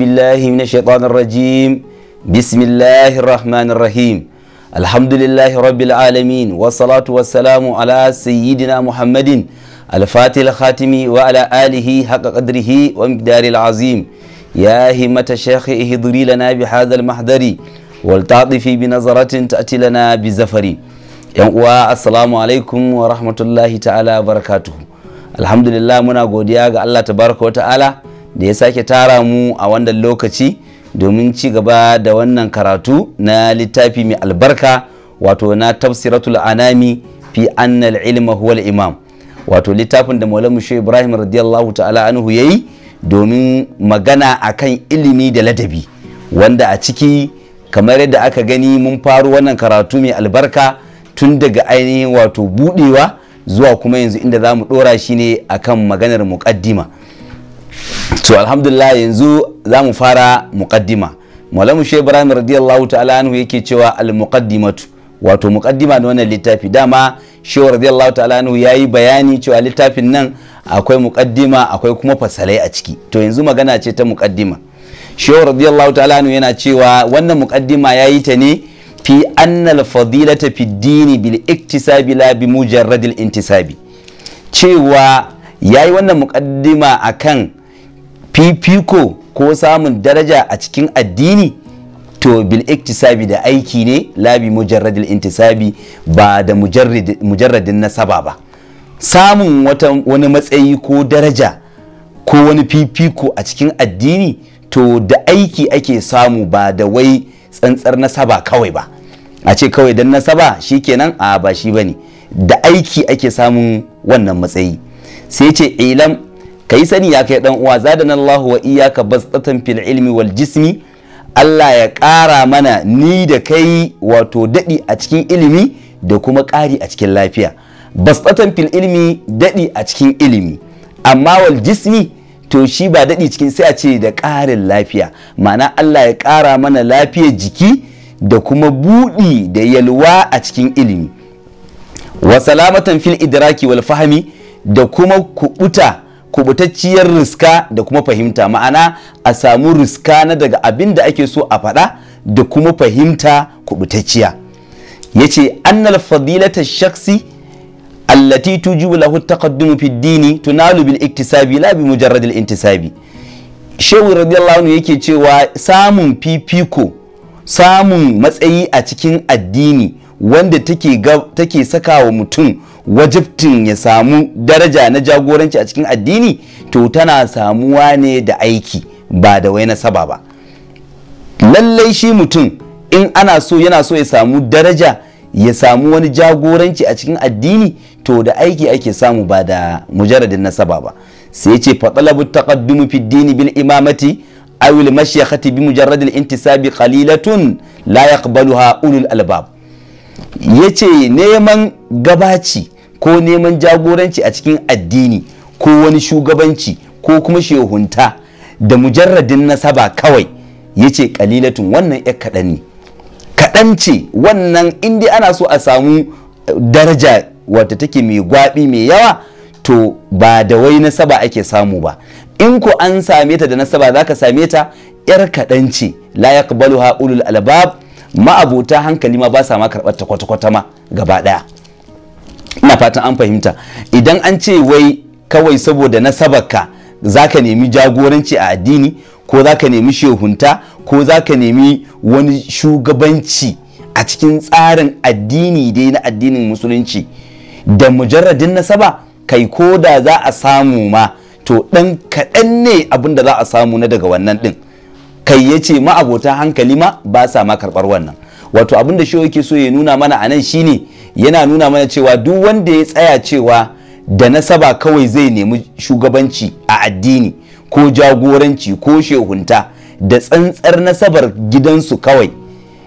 بالله من الشيطان الرجيم بسم الله الرحمن الرحيم الحمد لله رب العالمين والصلاة والسلام على سيدنا محمد الفاتح الخاتم وعلى آله حق قدره ومقدار العظيم يا همة الشيخ اهضري لنا بهذا المحضر والتعطفي بنظرة تأتي لنا بزفر السلام عليكم ورحمة الله تعالى وبركاته الحمد لله منا قد الله تبارك وتعالى da ya sake tara mu a wannan lokaci domin ci gaba da wannan karatu na littafi mai albarka wato na tafsiratul anami fi annal ilma huwal imam wato littafin da maulamu shi ibrahim radiyallahu ta'ala anhu yayi domin magana akan ilimi da ladabi wanda a ciki kamar yadda aka gani mun faru wannan karatu mai albarka tun daga ainihin wato budewa zuwa kuma yanzu inda za mu dora shi ne akan maganar muƙaddima to alhamdulillah yanzu za mu fara muqaddima malamu shi ibrahim radiyallahu ta'ala anhu yake cewa al muqaddimatu wato muqaddima na wannan littafi dama shi radiyallahu ta'ala anhu yayi bayani cewa littafin nan akwai muqaddima akwai kuma fasalai a ciki to yanzu magana ce ta muqaddima shehu radiyallahu ta'ala anhu yana cewa wannan muqaddima yayi ta ne fi annal fadilata fi dini bil iktisabi la bi mujarradil intisabi cewa yayi wannan muqaddima akan fifiko ko samun daraja a cikin addini to bil iktisabi da aiki ne labi mujarradil intisabi ba da mujarradin nasaba ba samun wani matsayi ko daraja ko wani fifiko a cikin addini to da aiki ake samu ba da wai tsantsar nasaba kawai ba a ce kawai don nasaba shi kenan a ba shi bane da aiki ake samun wannan matsayi sai ce ilam Ka yi sani ya kai dan uwa zadana Allah wa iyyaka basatan fil ilmi wal jismi Allah ya ƙara mana ni da kai wato daɗi a cikin ilimi da kuma ƙari a cikin lafiya basatan fil ilmi daɗi a cikin ilimi amma wal jismi to shi ba daɗi cikin sai a ce da ƙarin lafiya ma'ana Allah ya ƙara mana lafiyar jiki da kuma buɗi da yalwa a cikin ilimi wa salamatan fil idraki wal fahmi da kuma kuɓuta kubutacciyar riska da kuma fahimta ma'ana a samu riska na daga abin da ake so a faɗa da kuma fahimta kubutacciya ya ce annal fadilata shaksi allati tujibu lahu taqaddumu fi dini tunalu bil iktisabi la bi mujarrad al intisabi shehu radiyallahu anhu yake cewa samun fifiko samun matsayi a cikin addini wanda take saka wa mutum wajibtin ya samu daraja na jagoranci a cikin addini to tana samuwa ne da aiki ba da wai nasaba ba lallai shi mutum in ana so yana so ya samu daraja ya samu wani jagoranci a cikin addini to da aiki ake samu ba da mujaradin nasaba ba sai ce fatalabu taqaddumu fi dini bil imamati awil mashyakhati bi mujarradil intisabi qalilatun la yaqbaluha ulul albab ya ce neman gabaci ko neman jagoranci a cikin addini ko wani shugabanci ko kuma shehunta da mujarradin nasaba kawai ya ce kalilatun wannan ya kaɗan ne kaɗan ce wannan inda ana so a samu eh, daraja wata take mai gwaɓi mai yawa to ba da wai nasaba ake samu ba in ko an same ta da nasaba za ka same ta yar kaɗan ce la yaqbaluha ulul albab ma'abota hankali ma ba sa ma karɓar ta kwata-kwata ma gaba ɗaya ina fatan an fahimta idan an ce wai kawai saboda sabaka za ka nemi jagoranci a addini ko za ka nemi shehunta ko za ka nemi wani shugabanci a cikin tsarin addini dai na addinin musulunci da mujarradin nasaba kai ko da za a samu ma to ɗan kaɗan ne abin da za a samu na daga wannan ɗin kai ya ce ma'abota hankali ma ba sa ma karɓar wannan wato abin da shi yake so ya nuna mana a nan shine yana nuna mana cewa duk wanda ya tsaya cewa da nasaba kawai zai nemi shugabanci a addini ko jagoranci ko shehunta da tsantsar nasabar gidansu kawai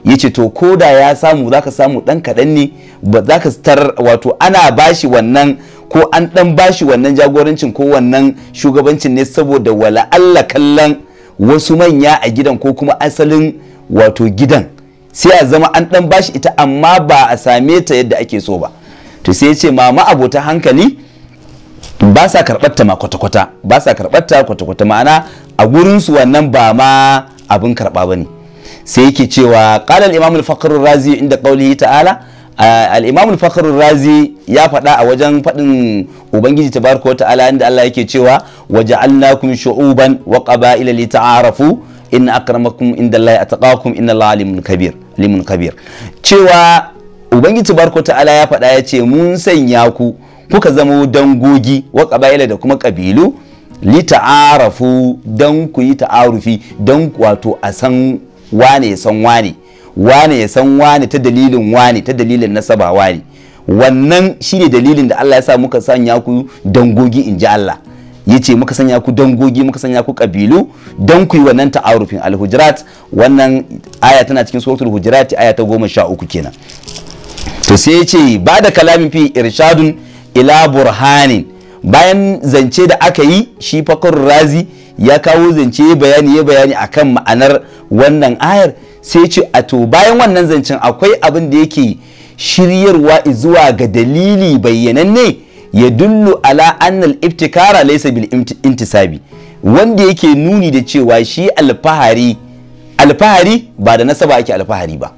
ya ce to ko da ya samu za ka samu ɗan kaɗan ne ba za ka tarar wato ana bashi wannan ko an ɗan bashi wannan jagorancin ko wannan shugabancin ne saboda wala Allah kallon wasu manya a gidan ko kuma asalin wato gidan sai a zama an dan bashi ita amma ba a same ta yadda ake so ba to sai ya ce mama abota hankali ba sa karɓar ta ma kwata-kwata ba sa karɓar ta kwata-kwata ma'ana a gurinsu wannan ba ma abin karɓa ba ne sai yake cewa ƙalar imamul fakhar razi inda ƙaulihi ta'ala al'imamun Fakhar razi ya faɗa a wajen faɗin ubangiji tabaraka wa ta'ala inda Allah yake cewa waja'alnakum shu'uban wa qaba'ila lita'arafu inna akramakum indallahi ataqakum inna Allah alimun kabir alimun kabir cewa ubangiji tabaraka wa ta'ala ya faɗa ya ce mun sanya ku kuka zama dangogi wa qaba'ila da kuma kabilu lita'arafu dan ku yi ta'arufi dan wato a san wane san wane wane ya san wane ta dalilin wane ta dalilin nasaba wane wannan shine dalilin da Allah ya sa muka sanya ku dangogi in ji Allah ya ce muka sanya ku dangogi muka sanya ku kabilu don ku yi wannan ta'arufin al wannan aya tana cikin suratul hujirat aya ta goma sha uku kenan to sai ya ce ba da kalamin fi irshadun ila burhanin bayan zance da aka yi shi fakar razi ya kawo zance bayani ya bayani akan ma'anar wannan ayar sai ce a to bayan wannan zancen akwai abin da yake shiryarwa zuwa ga dalili bayyananne ya dullu ala annal iftikara laysa bil intisabi wanda yake nuni da cewa shi alfahari alfahari ba da nasaba ake alfahari ba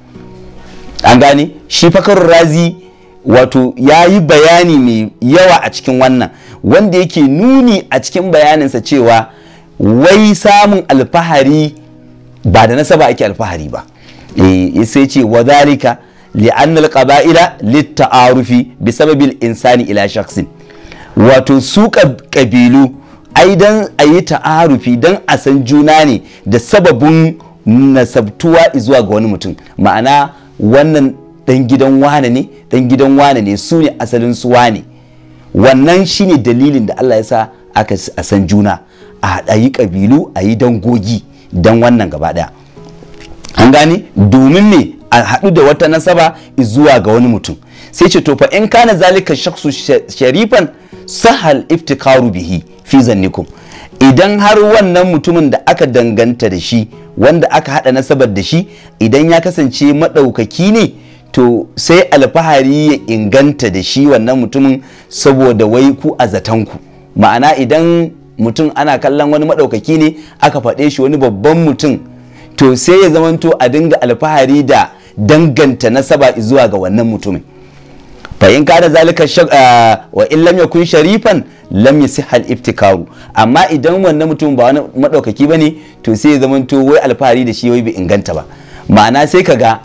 an gane shi fakar razi wato ya yi bayani mai yawa a cikin wannan wanda yake nuni a cikin bayaninsa cewa wai samun alfahari ba da nasaba ake alfahari ba eh sai ce wa zalika li'anna al-qaba'ila lit-ta'arufi bi sababil insani ila shakhsin wato su kabilu ai dan ayi ta'arufi dan a san juna ne da sababin nasabtuwa zuwa ga wani mutum ma'ana wannan dan gidan wane ne dan gidan wane ne su ne asalin su wane wannan shine dalilin da Allah ya sa aka san juna a haɗayi ƙabilu ayi yi dangogi don wannan gaba daya an gane domin me a haɗu da wata nasaba zuwa ga wani mutum sai ce tofa fa in kana zalika shaksu sharifan sahal iftikaru bihi fi zannikum idan har wannan mutumin da aka danganta da shi wanda aka haɗa nasabar da shi idan ya kasance maɗaukaki ne to sai alfahari ya inganta da shi wannan mutumin saboda wai ku a zatanku ma'ana idan mutum ana kallon wani maɗaukaki ne aka faɗe shi wani babban mutum to sai ya zamanto a dinga alfahari da danganta nasaba zuwa ga wannan mutumin fahim ka da zalika ah, wa in lam yakun sharifan lam yasihal iftikaru amma idan wannan mutum ba wani ba bane to sai ya zamanto wai alfahari da shi wai bai inganta ba ma'ana sai ka ga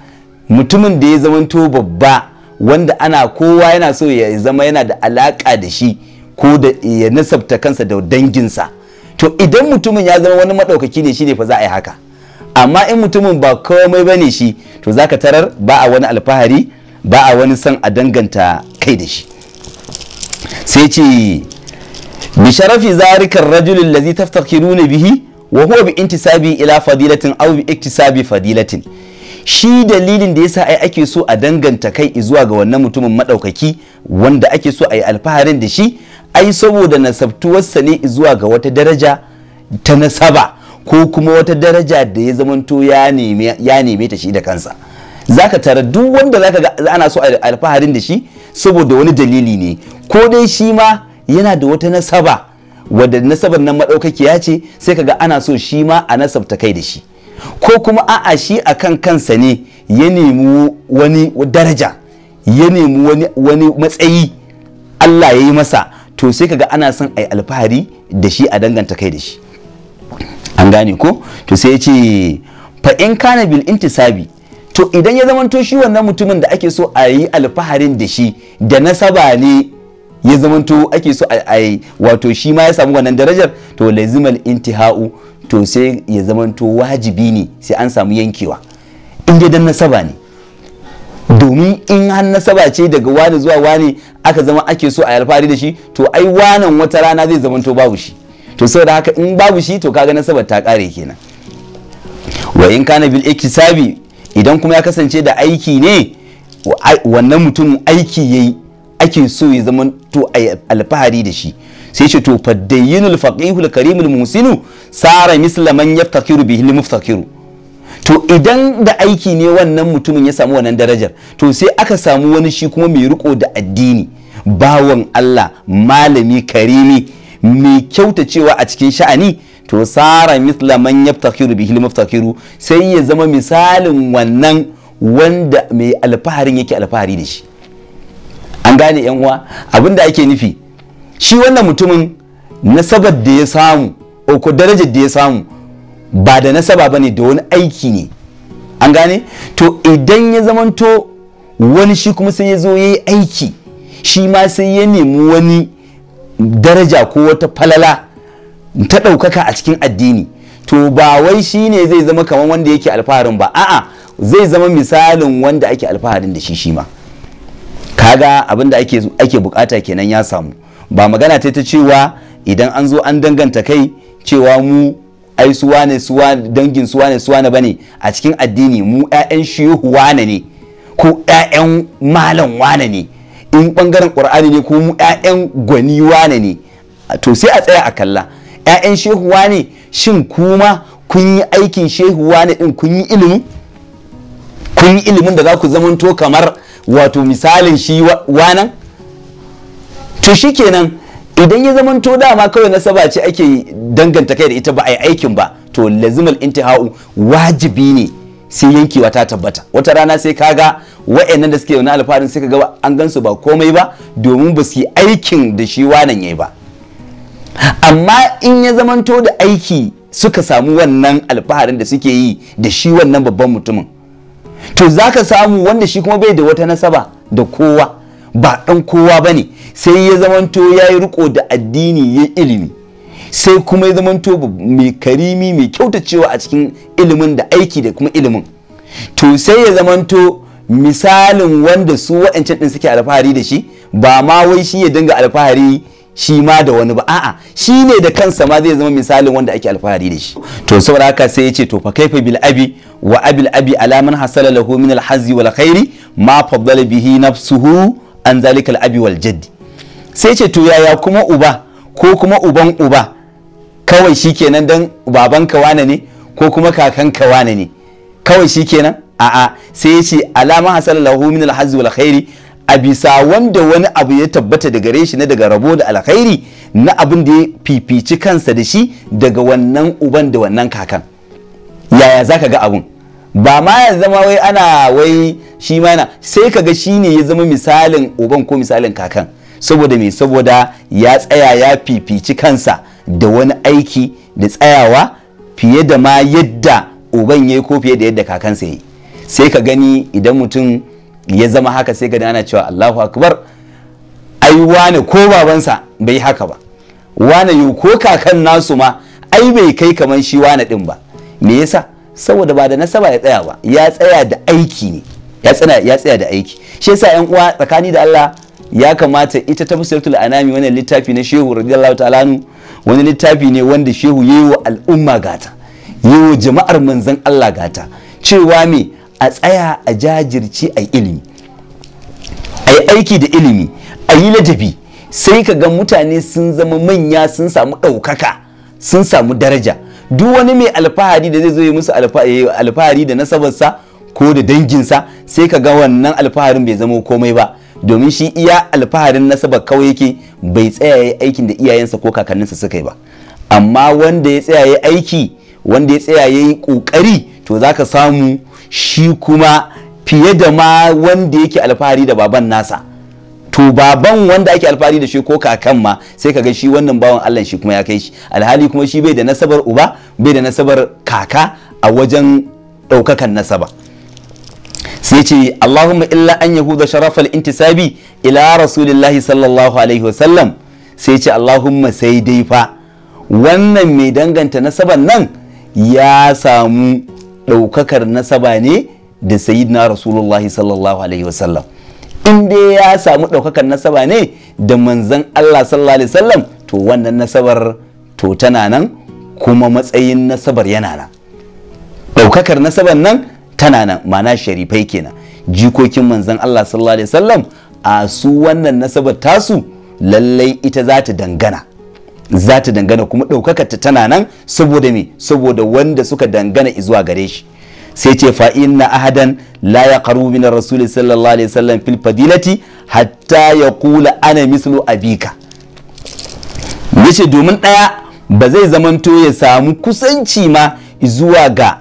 mutumin da ya zamanto babba wanda ana kowa yana so ya zama yana da alaka da shi ko da ya nasabta kansa da danginsa to idan mutumin ya zama wani maɗaukaki ne shi ne fa za a yi haka amma in mutumin ba komai ba ne shi to za ka tarar ba a wani alfahari ba a wani son a danganta kai da shi sai ce bisharafi zarikar rajulun lazi taftakiruna bihi wa huwa bi intisabi ila fadilatin au bi iktisabi fadilatin shi dalilin da yasa ai ake so a danganta kai zuwa ga wannan mutumin madaukaki wanda ake so a yi alfaharin da shi ai saboda nasabtuwarsa ne zuwa ga wata daraja ta nasaba ko kuma wata daraja da ya zamanto ya neme ta shi da kansa zaka tara duk wanda zaka ga ana so alfaharin da shi saboda wani dalili ne ko dai shi ma yana da wata nasaba wadda nasabar nan maɗaukakiya ce sai kaga ana so shi ma a nasabta kai da shi ko kuma a'a shi a kan kansa ne ya nemi wani daraja ya nemi wani matsayi Allah ya yi masa to sai kaga ana son a yi alfahari da shi a danganta kai da shi an gane ko to sai ya ce fa in kana bil intisabi to idan ya zamanto shi wannan mutumin da ake so a yi alfaharin da shi da nasaba ne ya zamanto ake so a yi, wato shi ma ya samu wannan darajar to lazimal intihau to sai ya zamanto wajibi ne sai an samu yankewa in dai dan nasaba ne domin in har nasaba ce daga wani zuwa wani aka zama ake so a alfahari da shi to ai wanan wata rana zai zamanto babu shi to saboda haka in babu shi to kaga nasabar ta kare kenan wa in kana bil iktisabi idan kuma ya kasance da aiki ne wannan mutum aiki yayi ake so ya zama to alfahari da shi sai ce to fadayyinul faqihul karimul musinu sara misla man yaftakiru bihi limuftakiru to idan da aiki ne wannan mutumin ya samu wannan darajar to sai aka samu wani shi kuma mai riko da addini bawan Allah malami karimi mai kyautacewa a cikin sha'ani to sara misla man yaftakiru bihi limuftakiru sai ya zama misalin wannan wanda mai alfaharin yake alfahari da shi an gane yan uwa abinda ake nufi shi wannan mutumin nasabar da ya samu ko darajar da ya samu ba da nasaba ba ne da wani aiki ne an gane to idan ya zamanto wani shi kuma sai ya zo ya yi aiki shi ma sai ya nemi wani daraja ko wata falala ta ɗaukaka a cikin addini to ba wai shi ne zai zama kamar wanda yake alfaharin ba a'a zai zama misalin wanda ake alfaharin da shi shi ma kaga abin da ake bukata kenan ya samu ba magana ta ta cewa idan an zo an danganta kai cewa mu ai suwa ne suwa dangin suwa ne suwa ne bane a cikin addini mu 'ya'yan shehu wane ne ko 'ya'yan malam wane ne in bangaren qur'ani ne ko mu 'ya'yan gwani wane ne to sai a tsaya a kalla 'ya'yan shehu wane shin kuma kun yi aikin shehu wane din kun yi ilimi kun yi ilimin da za ku zamanto kamar wato misalin shi wanan to kenan idan ya zamanto dama kawai nasaba ce ake danganta kai da ita ba a yi aikin ba to lazimal intihau wajibi ne sai yankewa ta tabbata wata rana sai kaga wa'annan da suke na alfarin sai kaga an gansu ba komai ba domin ba su yi aikin da shi wanan yayi ba amma in ya zamanto da aiki suka samu wannan alfaharin da suke yi da shi wannan babban mutumin to zaka samu wanda shi kuma bai da wata nasaba da kowa ba ɗan kowa ba ne sai ya zamanto ya yi riko da addini ya ilimi sai kuma ya zamanto mai karimi mai kyautacewa a cikin ilimin da aiki da kuma ilimin to sai ya zamanto misalin wanda su waɗancan ɗin suke alfahari da shi ba ma wai shi ya dinga alfahari shi ma da wani ba a'a shi ne da kansa ma zai zama misalin wanda ake alfahari da shi to saboda haka sai ya ce to fa kaifa bil abi wa abil abi alaman hasala lahu min al hazzi wal khairi ma faddala bihi nafsuhu an zalikal abi wal jaddi sai ce to yaya kuma uba ko kuma uban uba kawai shikenan dan ka wane ne ko kuma kakan ka wane ne kawai shikenan a'a sai ya ce alama hasal lahu min alhazzi wal khairi a bisa wanda wani abu ya tabbata daga gare shi na daga rabo da alkhairi na abin da ya fifici kansa da shi daga wannan uban da wannan kakan yaya zaka ga abun ba ma ya zama wai ana wai shi mana sai kaga shi ne ya zama misalin uban ko misalin kakan saboda me saboda ya tsaya ya fifici kansa da wani aiki da tsayawa fiye da ma yadda uban ya yi ko fiye da yadda kakansa ya yi sai ka gani idan mutum ya zama haka sai ka ana cewa allahu akbar ai wane ko babansa bai yi haka ba wane yi ko kakan nasu ma ai bai kai kamar shi wane din ba me yasa saboda ba da nasaba ya tsaya ba ya tsaya da aiki ne ya tsaya ya tsaya da aiki shi yasa yan uwa tsakani da Allah ya kamata ita tafsiratul anami wannan littafi na shehu radiyallahu ta'ala wani littafi ne wanda shehu yayi wa al'umma gata yayi jama'ar manzon Allah gata cewa me a tsaya a jajirci a ilimi a yi aiki da ilimi a yi ladabi sai ka ga mutane sun zama manya sun samu ɗaukaka sun samu daraja duk wani mai alfahari da zai zo ya musu alfahari da nasabarsa ko da danginsa sai ka ga wannan alfaharin bai zama komai ba domin shi iya alfaharin nasabar kawai yake bai tsayaye aikin da iyayensa ko kakanninsa suka yi ba amma wanda ya tsayaye aiki wanda ya tsayaye kokari to za ka samu shi kuma fiye da ma wanda yake alfahari da baban nasa to baban wanda ake alfahari da shi ko kakan ma sai ka ga shi wannan bawan Allah shi kuma ya kai shi alhali kuma shi bai da nasabar uba bai da nasabar kaka a wajen ɗaukakan nasaba sai ce Allahumma illa an yahuda sharafal intisabi ila rasulillah sallallahu alaihi wasallam sai ce Allahumma sai dai fa wannan mai danganta nasaban nan ya samu ɗaukakar nasaba ne da sayyidina rasulullahi sallallahu alaihi wasallam in dai ya samu ɗaukakar nasaba ne da manzan Allah sallallahu alaihi wasallam to wannan nasabar to tana nan kuma matsayin nasabar yana nan ɗaukakar nasabar nan tana nan ma'ana sharifai kenan jikokin manzan Allah sallallahu alaihi wasallam a su wannan nasabar tasu lallai ita za ta dangana za ta dangana kuma ɗaukakar ta tana nan saboda me saboda wanda suka dangana izuwa gare shi sai ce fa inna ahadan la karu min ar-rasul sallallahu alaihi wasallam fil fadilati hatta kula ana mislu abika yace domin daya ba zai zamanto ya samu kusanci ma zuwa ga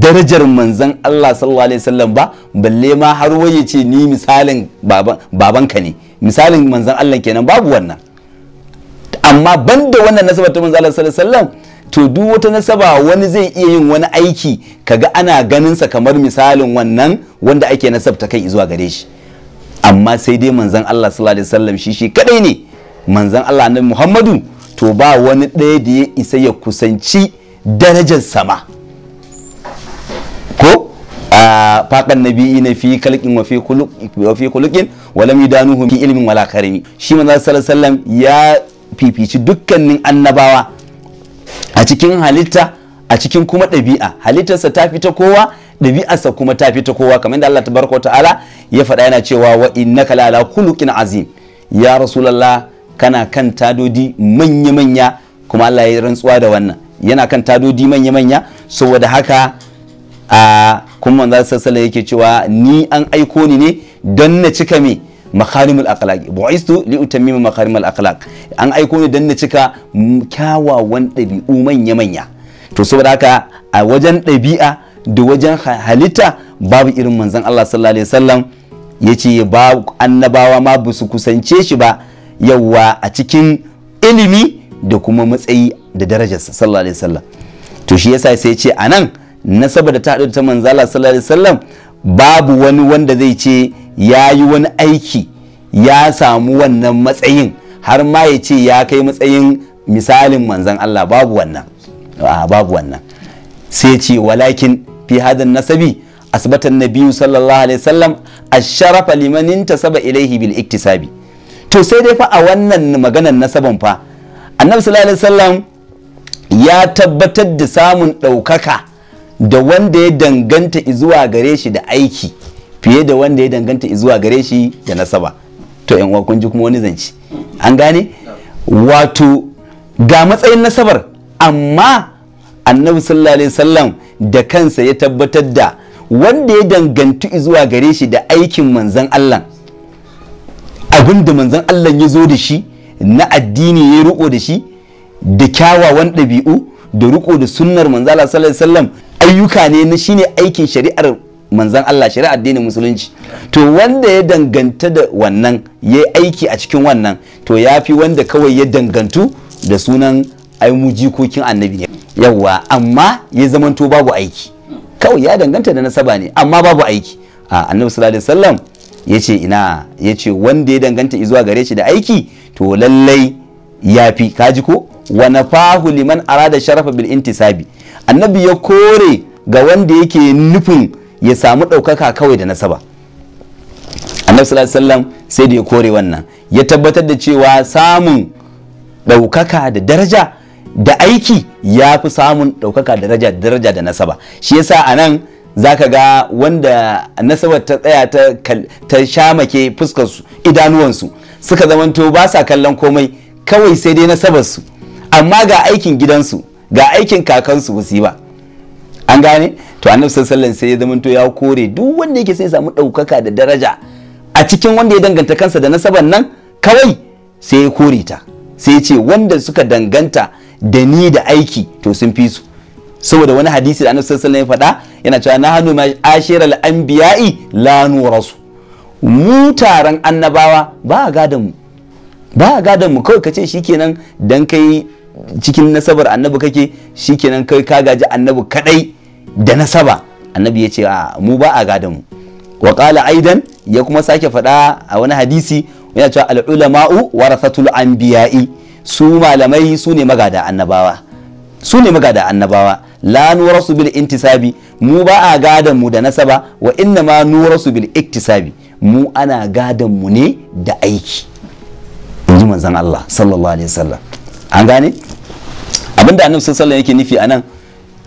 darajar manzon Allah sallallahu alaihi wasallam ba balle ma har waye ce ni misalin baban babanka ne misalin manzon Allah kenan babu wannan amma banda wannan nasaba ta manzon Allah sallallahu alaihi wasallam to duk wata nasaba wani zai iya yin wani aiki kaga ana ganinsa kamar misalin wannan wanda ake nasabta kai zuwa gare shi amma sai dai manzon Allah sallallahu alaihi wasallam shi shi kadai ne manzon Allah annabi Muhammadu to ba wani ɗaya da ya isa ya kusanci darajar sama ko a faƙan nabi na fi kalkin wa fi kulukin walam yadanuhu fi ilmin wala karimi shi manzon sallallahu alaihi wasallam ya fifici dukkanin annabawa a cikin halitta a cikin kuma ɗabi'a halittarsa ta fi ta kowa ɗabi'arsa kuma ta fi ta kowa kamar da Allah tabaraka ta'ala ya faɗa yana cewa wa ka la ala khuluqin azim ya rasulullah kana kan tadodi manya manya kuma Allah ya rantsuwa da wannan yana kan tadodi manya manya saboda haka a kuma manzo sallallahu yake cewa ni an aiko ni ne don na cika me makarimul akhlaq li'u li utammima makarimul akhlaq an aiko ni dan na cika kyawawan ɗabi'u manya manya to saboda haka a wajen ɗabi'a da wajen halitta babu irin manzon Allah sallallahu alaihi wasallam yace ba annabawa ma ba su kusance shi ba yawa a cikin ilimi da kuma matsayi da darajarsa sallallahu alaihi to shi yasa sai ce anan nasaba da ta haɗu ta manzala sallallahu alaihi wasallam babu wani wanda zai ce ya yi wani aiki ya samu wannan matsayin har ma ya ce ya kai matsayin misalin manzan Allah babu wannan babu wannan sai ce walakin fi hadan nasabi asbatan nabiyyu sallallahu alaihi wasallam asharafa liman intasaba ilaihi bil iktisabi to sai dai fa a wannan maganar nasaban fa annabi sallallahu alaihi wasallam ya tabbatar da samun ɗaukaka da wanda ya danganta zuwa gare shi da aiki fiye da wanda ya danganta zuwa gare shi da nasaba to yan kun kuma wani zanci an gane wato ga matsayin nasabar amma annabi sallallahu alaihi wasallam da kansa ya tabbatar da wanda ya danganta zuwa gare shi da aikin manzan Allah abin da manzan Allah ya zo da shi na addini ya riko da shi da kyawawan ɗabi'u da riko da sunnar manzala sallallahu alaihi wasallam ayyuka ne na shine aikin shari'ar manzan Allah shari'a addinin musulunci to wanda ya danganta da wannan ya aiki a cikin wannan to ya fi wanda kawai ya dangantu da sunan ai jikokin annabi ne yawwa amma ya zamanto babu aiki kawai ya danganta da nasaba ne amma babu aiki a annabi sallallahu alaihi wasallam ce ina ce wanda ya danganta zuwa gare shi da aiki to lallai ya fi ji ko Wani fahu liman arada sharafa bil intisabi annabi ya kore ga wanda yake nufin ya samu ɗaukaka kawai da nasaba annabi sallallahu alaihi wasallam sai da ya kore wannan ya tabbatar da cewa samun ɗaukaka da daraja da aiki ya fi samun ɗaukaka da daraja da nasaba shi yasa a nan zaka ga wanda nasabar ta tsaya ta shamake fuskarsu idanuwansu suka zamanto ba sa kallon komai kawai sai dai nasabar su amma ga aikin gidansu ga aikin kakansu ba su yi ba an gane to annabi sallallahu sai ya to ya kore duk wanda yake sai ya samu ɗaukaka da daraja a cikin wanda ya danganta kansa da nasaban nan kawai sai ya kore ta sai ya ce wanda suka danganta da ni da aiki to sun fi su saboda wani hadisi da annabi sallallahu ya faɗa yana cewa na hannu ma ashiral anbiya'i la nurasu mu taron annabawa ba a gadan mu ba a gadan mu kawai kace shikenan dan kai cikin nasabar annabi kake shikenan kai ka gaji annabi kadai da nasaba annabi ya ce a mu ba a gada mu wa kala aidan ya kuma sake faɗa a wani hadisi yana cewa al ulama'u warathatul anbiya'i su malamai su ne magada annabawa su ne magada annabawa la nurasu bil intisabi mu ba a gadan mu da nasaba wa inna ma nurasu bil iktisabi mu ana gadan mu ne da aiki in ji Allah sallallahu alaihi wasallam an gane abinda annabi sallallahu yake nufi anan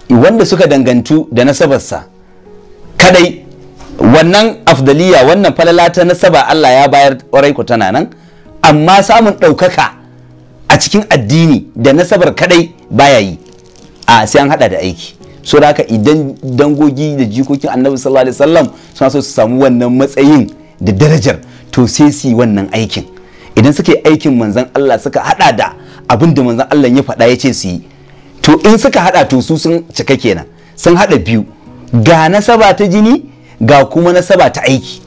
wanda suka dangantu da nasabarsa kadai wannan afdaliya wannan falala ta nasaba Allah ya bayar kwarai ku tana nan amma samun ɗaukaka a cikin addini da nasabar kadai baya yi a sai an hada da aiki so da haka idan dangogi da jikokin annabi sallallahu alaihi wasallam suna so su samu wannan matsayin da darajar to sai su yi wannan aikin idan suke aikin manzan Allah suka hada da abin da manzan Allah ya faɗa ya ce su yi to in suka hada to su sun cika kenan sun hada biyu ga nasaba ta jini ga kuma nasaba ta aiki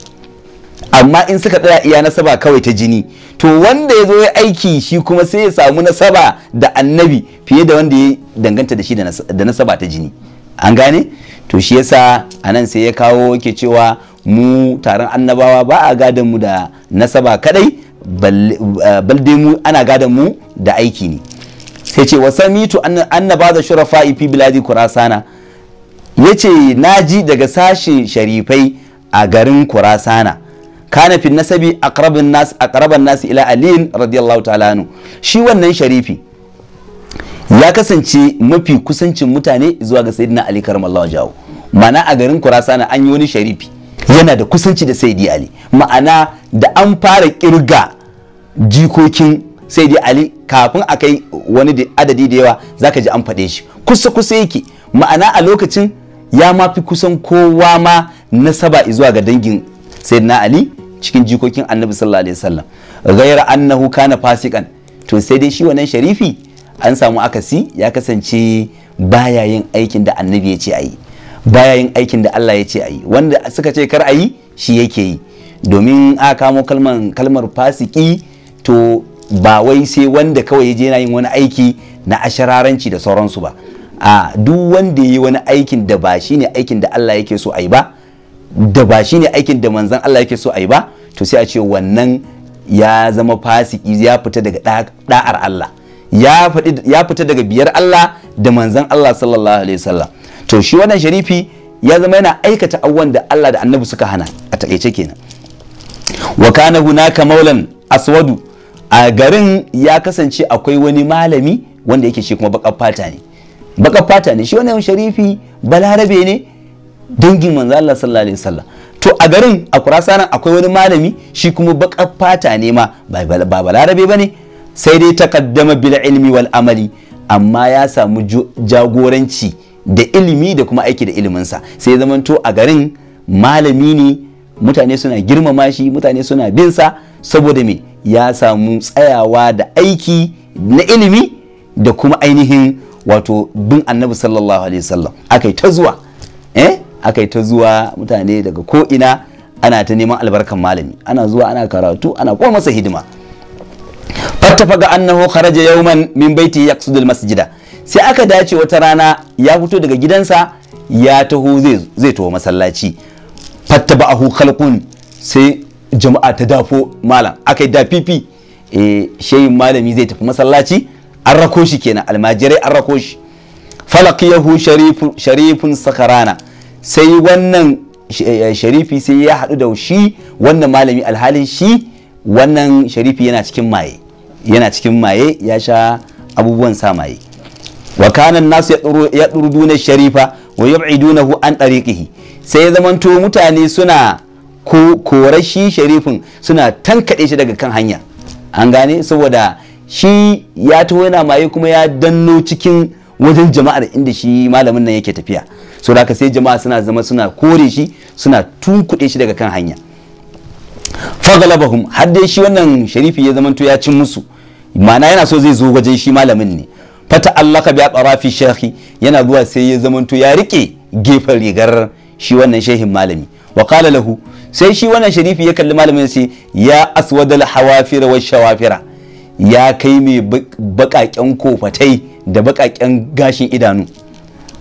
amma in suka tsaya iya nasaba kawai ta jini to wanda ya zo ya aiki shi kuma sai ya samu nasaba da annabi fiye da wanda ya danganta da shi da nasaba ta jini an gane to shi yasa anan sai ya kawo yake cewa mu taron annabawa ba a gadon mu da nasaba kadai Eh, bal dai mu ana gada mu da aiki ne sai ce wa samitu anna ba da shurafa fi biladi kurasana ya ce ji daga sashin sharifai a garin kurasana kana fi nasabi aqrabun nas aqraban nas ila aliyin radiyallahu ta'ala shi wannan sharifi ya kasance mafi kusancin mutane zuwa ga sayyidina ali karamallahu jawo mana a garin kurasana an yi wani sharifi yana da kusanci da saidi ali ma'ana da an fara kirga jikokin saidi ali kafin a kai wani adadi da yawa zaka ji an faɗe shi kusa kusa yake ma'ana a lokacin ya ma fi kusan kowa ma nasaba zuwa ga dangin sayyidina ali cikin jikokin annabi sallallahu alaihi wasallam na annahu kana fasikan to sai dai shi wannan sharifi an samu akasi ya kasance baya yin aikin da annabi ya ce a yi baya yin aikin da Allah ya ce a yi wanda suka ce kar a yi shi yake yi domin a kamo kalmar kalmar fasiki to ba wai sai wanda kawai ya je yana yin wani aiki na ashararanci da sauransu ba a duk wanda ya yi wani aikin da ba shine aikin da Allah yake so a yi ba da ba shine aikin da manzon Allah yake so a yi ba to sai a ce wannan ya zama fasiki ya fita daga da'ar Allah ya fita daga biyar Allah da manzon Allah sallallahu alaihi wasallam to shi wannan sharifi ya zama yana aikata abubuwan da Allah da annabi suka hana a takaice kenan wa kana hunaka maulan aswadu a garin ya kasance akwai wani malami wanda yake shi kuma bakar fata ne bakar fata ne shi wannan sharifi balarabe ne dangin manzo Allah sallallahu alaihi wasallam to a garin a akwai wani malami shi kuma bakar fata ne ma ba balarabe bane sai dai takaddama bil ilmi wal amali amma ya samu jagoranci da ilimi da kuma aiki da iliminsa sai zamanto a garin malami ne mutane suna girmama shi mutane suna binsa saboda me ya samu tsayawa da aiki na ilimi da kuma ainihin wato bin annabi sallallahu alaihi wasallam akai ta zuwa eh akai ta zuwa mutane daga ko ina ana ta neman albarkan malami ana zuwa ana karatu ana kuma masa hidima ga annahu kharaja yawman min baiti yaqsudul masjida sai aka dace wata rana ya fito daga gidansa ya taho zai taho masallaci fatta ba ahu khalqun sai jama'a ta dafo malam aka yi dafifi e shehin malami zai tafi masallaci an rako shi kenan almajirai an rako shi falaqiyahu sharifun sakarana sai wannan eh, eh, sharifi sai ya haɗu da shi wannan malami alhalin shi wannan sharifi yana cikin maye yana cikin maye ya sha abubuwan sa maye Wakanan nasu ya na sharifa wa na an tariqihi sai ya zamanto mutane suna korar shi sharifin suna tankaɗe shi daga kan hanya an gane saboda shi ya taho yana maye kuma ya danno cikin wajen jama'ar inda shi malamin nan yake tafiya so da sai jama'a suna zama suna kore shi suna tunkuɗe shi daga kan hanya fagalabahum har dai shi wannan sharifi ya zamanto ya cin musu ma'ana yana so zai zo wajen shi malamin ne fata allaka bi tsarafi shahi yana zuwa sai ya zamanto ya rike gefen rigar shi wannan shehin malami wa qala lahu sai shi wannan sharifi ya kalli malamin sai ya aswadal hawafira wa shawafira ya kai mai bakaken kofatai da bakaken gashin idanu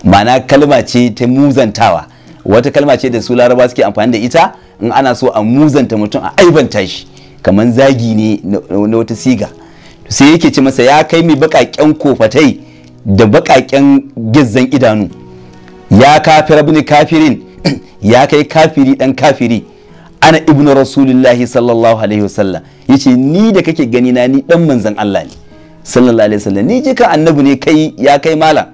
ma'ana kalma ce ta muzantawa wata kalma ce da su laraba suke amfani da ita in ana so a muzanta mutum a aibanta shi kamar zagi ne na wata siga sai yake ce masa ya kai mai baƙaƙen kofatai da baƙaƙen gizzan idanu ya kafir ibn kafirin ya kai kafiri dan kafiri ana ibnu rasulullahi sallallahu alaihi wasallam ce ni da kake gani na ni dan manzan Allah ne sallallahu alaihi wasallam ni jika annabi ne kai ya kai mala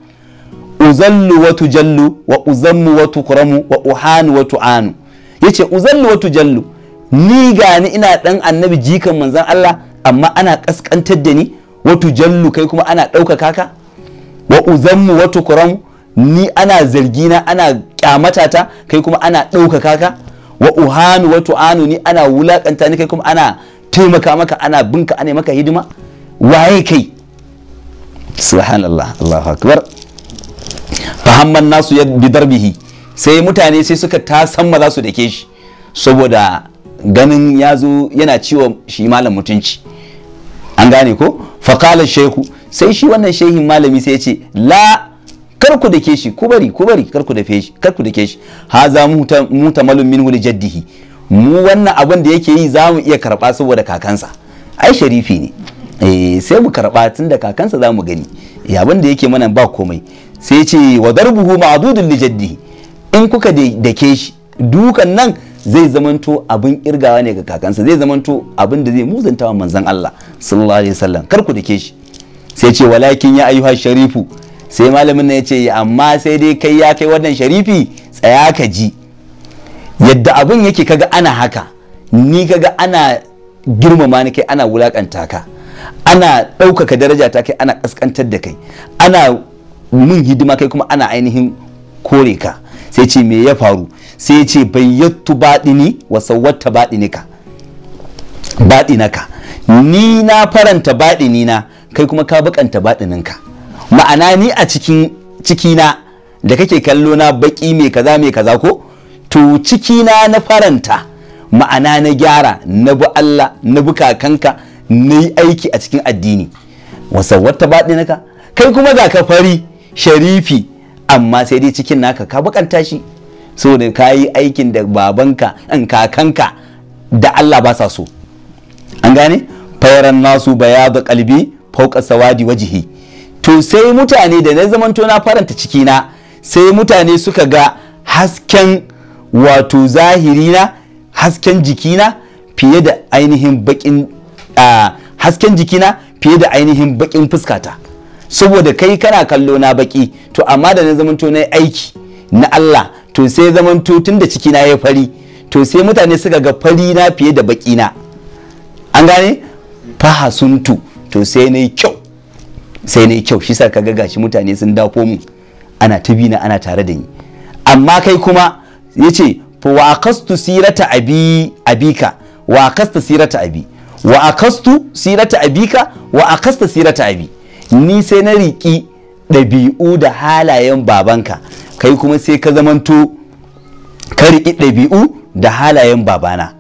uzallu wa tujallu wa uzammu wa tukramu wa uhanu wa tu'anu yace uzallu wa tujallu ni gani ina dan annabi jikan manzan Allah amma ana kaskantar da ni wato jallu kai kuma ana ɗaukaka ka wa uzammu wato kuran ni ana zargina ana kyamata ta kai kuma ana ɗaukaka ka wa uhanu wato anu ni ana wulakanta ni kai kuma ana taimaka maka ana binka ana maka hidima waye kai subhanallah allahu akbar fahamman nasu bidarbihi sai mutane sai suka tasan san za su dake shi saboda ganin ya zo yana ciwo shi malam mutunci an gane ko fakalar shehu sai shi wannan shehin malami sai ya ce la kar ku dake shi ku bari ku bari kar ku dafe shi ha za mu shi haza mutamalun minhu jaddihi mu wannan abin da yake yi zamu iya karɓa saboda kakansa ai sharifi ne eh, sai mu karɓa tun da kakansa zamu gani ya eh, abin da yake mana ba komai sai ce wa darbuhu ma'dudun li jaddihi in kuka dake shi dukan nan zai zamanto abin kirgawa ne ga kakansa zai zamanto abin da zai muzanta wa manzon Allah sallallahu alaihi wasallam kar ku dake shi sai ce walakin ya ayyuha sharifu sai malamin nan ya ce amma sai dai kai ya kai wannan sharifi tsaya ka ji yadda abin yake kaga ana haka ni kaga ana girmama ni kai ana wulakanta ka ana ɗaukaka daraja ta kai ana ƙasƙantar da kai ana mun hidima kai kuma ana ainihin kore ka sai ce me ya faru sai ce bayyattu baɗini wasa, sawwatta baɗinika baɗinaka ni na faranta baɗi na kai kuma ka bakanta baɗininka ma'ana ni a cikin cikina da kake kallo na baƙi mai kaza mai kaza ko to cikina na faranta ma'ana na gyara na bu Allah na bi kakanka na yi aiki a cikin addini wasa wata baɗinaka kai kuma za ka fari sharifi amma sai dai cikin naka ka bukanta shi saboda ka yi aikin da babanka in eh, kakanka da Allah ba sa so an gane fayaran nasu bayadu kalbi fauka sawadi wajihi to sai mutane da na zamanto na faranta cikina sai mutane suka ga hasken wato zahirina hasken jikina fiye da ainihin bakin hasken jikina fiye da ainihin bakin fuskata saboda kai kana kallo na baki to amma da na zamanto na aiki na Allah to sai zamanto tun da cikina ya fari to sai mutane suka ga fari na fiye da baki an gane fahasuntu to sai na kyau sai na kyau shi sa ka gashi mutane sun dafo mu ana tabi na ana tare da ni amma kai kuma ya ce wa akastu sirata abi abika wa akasta sirata abi wa akastu sirata abika wa akasta sirata abi ni sai na riki ɗabi'u da halayen babanka kai kuma sai ka zamanto ka riki ɗabi'u da halayen babana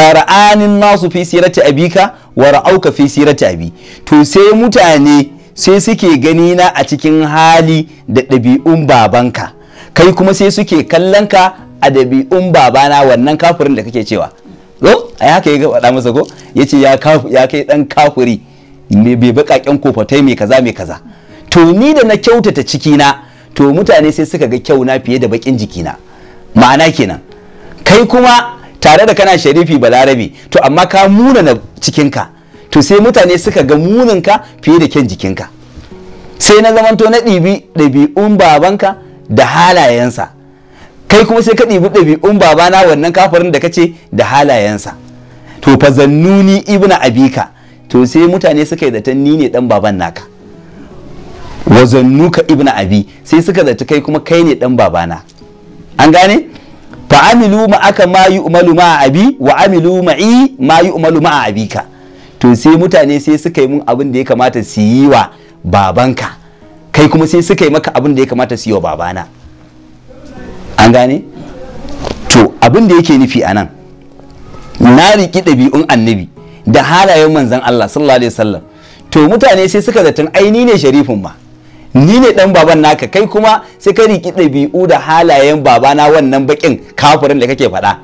fara'anin nasu fi sirati abika wa ra'auka fi sirati abi to sai mutane sai suke gani na a cikin hali da ɗabi'un babanka kai kuma sai suke kallon ka a ɗabi'un babana wannan kafirin da kake cewa ko a haka ya faɗa masa ko ya ce ya kai ɗan kafiri mai baƙaƙen kofatai mai kaza mai kaza to ni da na kyautata cikina to mutane sai suka ga kyau na fiye da baƙin jikina ma'ana kenan kai kuma tare da kana sharifi balarabe to amma ka muna na cikinka to sai mutane suka ga muninka fiye da kyan jikinka sai na zamanto na ɗibi ɗabi'un babanka da halayensa kai kuma sai ka ɗibi ɗabi'un babana wannan kafarin da kace da halayensa to fa zannuni ibna abika to sai mutane suka yi zaton ni ne dan baban naka wa zannuka ibna abi sai suka zata kai kuma kai ne dan babana an gane fa amilu ma aka ma yi umalu ma abi wa amilu i ma yi umalu ma abika to sai mutane sai suka yi mun abin da ya kamata su yi wa babanka kai kuma sai suka yi maka abin da ya kamata su yi wa babana an gane to abin da yake nufi anan na riki ɗabi'un annabi da halayen manzon Allah sallallahu alaihi wasallam to mutane sai suka zaton aini ne sharifin ma ni ne dan baban naka kai kuma sai ka riki ɗabi'u da halayen babana wannan bakin kafirin da kake faɗa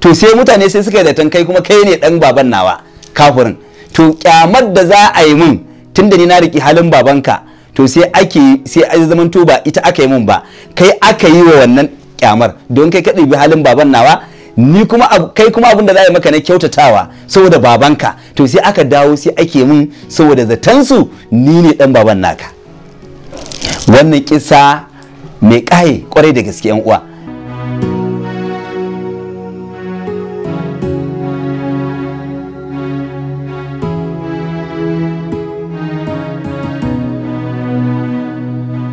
to sai mutane sai suka yi zaton kai kuma kai ne dan baban nawa kafirin to kyamar da za a yi mun tunda ni na riki halin babanka to sai ake sai a zaman to ba ita aka yi mun ba kai aka yi wa wannan kyamar don kai ka ɗabi halin baban nawa ni kuma kai kuma abin da za a yi maka na kyautatawa saboda babanka to sai aka dawo sai ake mun saboda su, ni ne dan baban naka wannan kisa mai kaye kwarai da gaske yan uwa